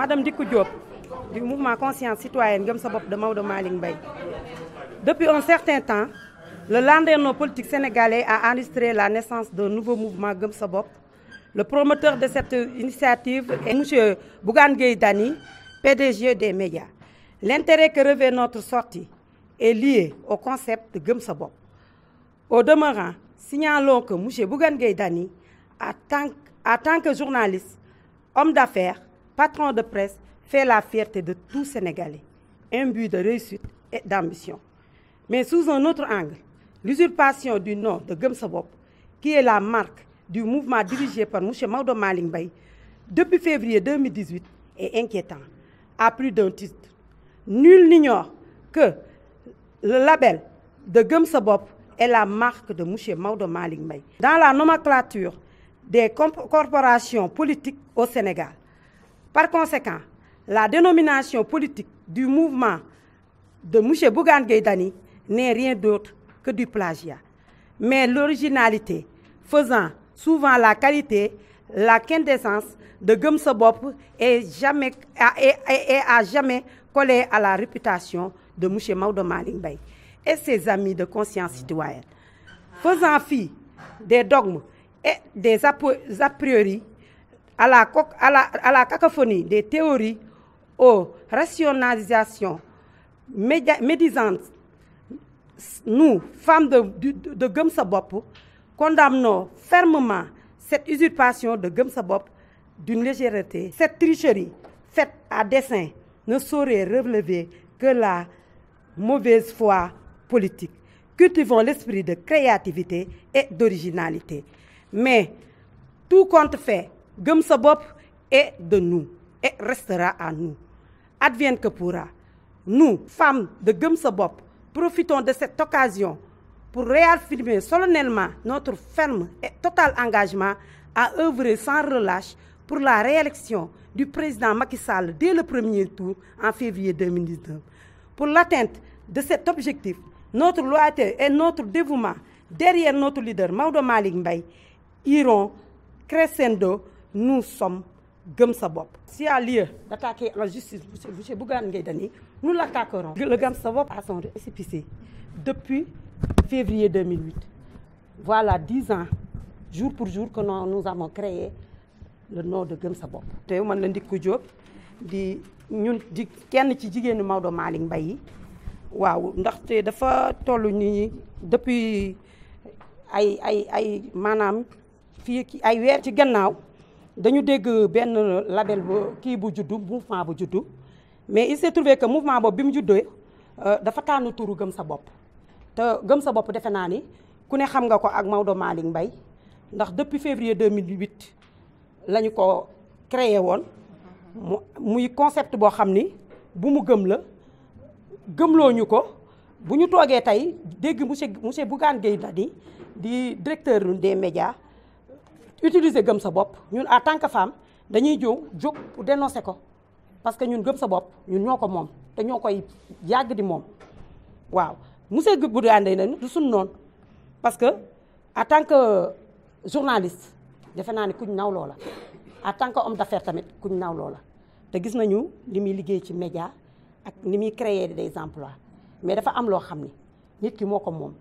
madame Dikoudiop, du mouvement conscience citoyenne Gëm de Maodo Depuis un certain temps, le landerneau politique sénégalais a illustré la naissance d'un nouveau mouvement Gëm Le promoteur de cette initiative est M. Bougane PDG des médias. L'intérêt que revêt notre sortie est lié au concept de Gëm Au demeurant, signalons que M. Bougane en tant que journaliste, homme d'affaires, patron de presse, fait la fierté de tout Sénégalais, un but de réussite et d'ambition. Mais sous un autre angle, l'usurpation du nom de Gumsabop, qui est la marque du mouvement dirigé par M. Maudo Malingbay depuis février 2018, est inquiétant. À plus d'un titre, nul n'ignore que le label de Gumsabop est la marque de M. Maudo Malingbay dans la nomenclature des corporations politiques au Sénégal. Par conséquent, la dénomination politique du mouvement de Mouché Bougan Gaydani n'est rien d'autre que du plagiat. Mais l'originalité, faisant souvent la qualité, la quintessence de Gumsobop est jamais, jamais collée à la réputation de Mouché Maudo et ses amis de conscience citoyenne. Faisant fi des dogmes et des a priori à la, cacophonie des théories, aux rationalisations médisantes, nous, femmes de, de, de Gumsabop, condamnons fermement cette usurpation de Gumsabop d'une légèreté. Cette tricherie faite à dessein ne saurait relever que la mauvaise foi politique. Cultivons l'esprit de créativité et d'originalité. Mais tout compte fait, gëm est de nous et restera à nous. Advienne que pourra. Nous, femmes de gëm profitons de cette occasion pour réaffirmer solennellement notre ferme et total engagement à œuvrer sans relâche pour la réélection du président Macky Sall dès le premier tour en février 2019. Pour l'atteinte de cet objectif, notre loyauté et notre dévouement derrière notre leader Maudo Malik Mbaye iront crescendo nous sommes gëm sa il si y a lieu d'attaquer en justice monsieur Bougane ngay Dani, nous l'attaquerons. Le Gamsabop sa a son récépissé depuis février 2008 voilà dix ans jour pour jour que nous, avons créé le nom de gëm sa bopp. tey man la Ndickou job di ñun di kenn ci jigéenu Maodo Malick Mbaye waaw ndax ndaxte dafa tollu ñi depuis ay ay ay manam fi ay de ci gannaaw dañu dégg benn label bu kii bu juddu mouvement bu mais il s'est trouvé que mouvement boobu bi mu juddoo euh, dafa tànn turu gëm sa bopp te gëm sa ni ku ne xam nga ko ak Maodo depuis février 2008 la ko créé woon concept boo xam bu mu gëm la gëmloo ñu ko bu ñu toogee dégg monsieur Bougane di directeur des médias utiliser gëm sa bopp ñun en tant que femme dañuy jëw jóg dénoncer ko parce que ñun gëm sa bopp ñun ñoo ko moom te ñoo koy yàgg di moom waaw monsieur Bougane na du suñ noonu parce que en tant que journaliste defe naa ne kuñ nawloo la en tant que homme d'affaires tamit kuñ naw la te gis nañu li muy liggéey ci média ak ni muy créer des emplois mais dafa am loo xam ni nit ki moo ko moom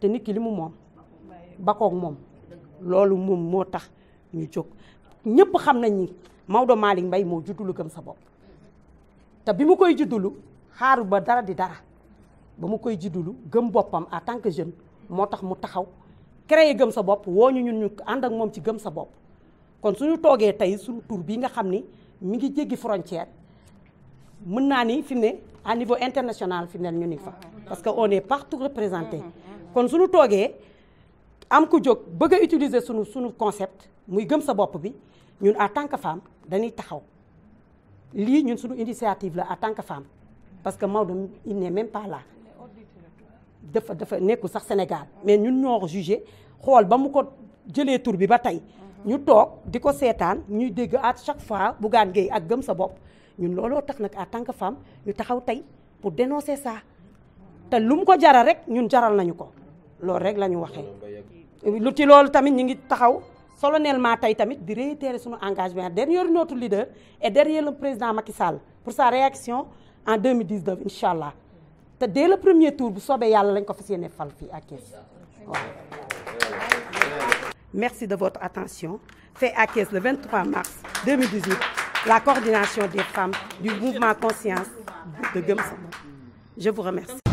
te nit ki li mu moom bakoog moom loolu moom moo tax ñu jóg ñëpp xam nañ ni Maodo Malick mbay moo juddulu gëm sa bopp te bi mu koy juddulu xaarul ba dara di dara ba mu koy juddulu gëm boppam à tant que jeune moo tax mu taxaw créer gëm sa bopp woo ñu ñun ñu ànd ak moom ci gëm sa bopp kon suñu toogee tey suñu tur bii nga xam ni mi ngi jéggi frontière mën naa ni fi mu à niveau international fi mu ne ñu ni fa parce que on est partout représenté mm-hmm. kon suñu toogee am ku jóg utiliser concept muy gëm sa bopp bi ñun en tant que femme dañuy taxaw nous ñun une initiative en tant que femme parce que Maodo il n'est même pas là Il dafa nekkul sax Sénégal mais nous avons jugé xool ba mu ko jëlee tur bi ba sommes ñu nous à chaque fois nous ak nous sa tant que femme ñu taxaw pour dénoncer ça nous lu lu ci tamit ñu ngi taxaw solennellement tay tamit di réitérer suñu engagement derrière notre leader et derrière le président Macky Sall pour sa réaction en 2019 Inshallah. té dès le premier tour bu soobee yalla lañ ko fas fal fi ak caisse Merci de votre attention. Fait à Caisse le 23 mars 2018, la coordination des femmes du mouvement Conscience de Gumson. Je vous remercie.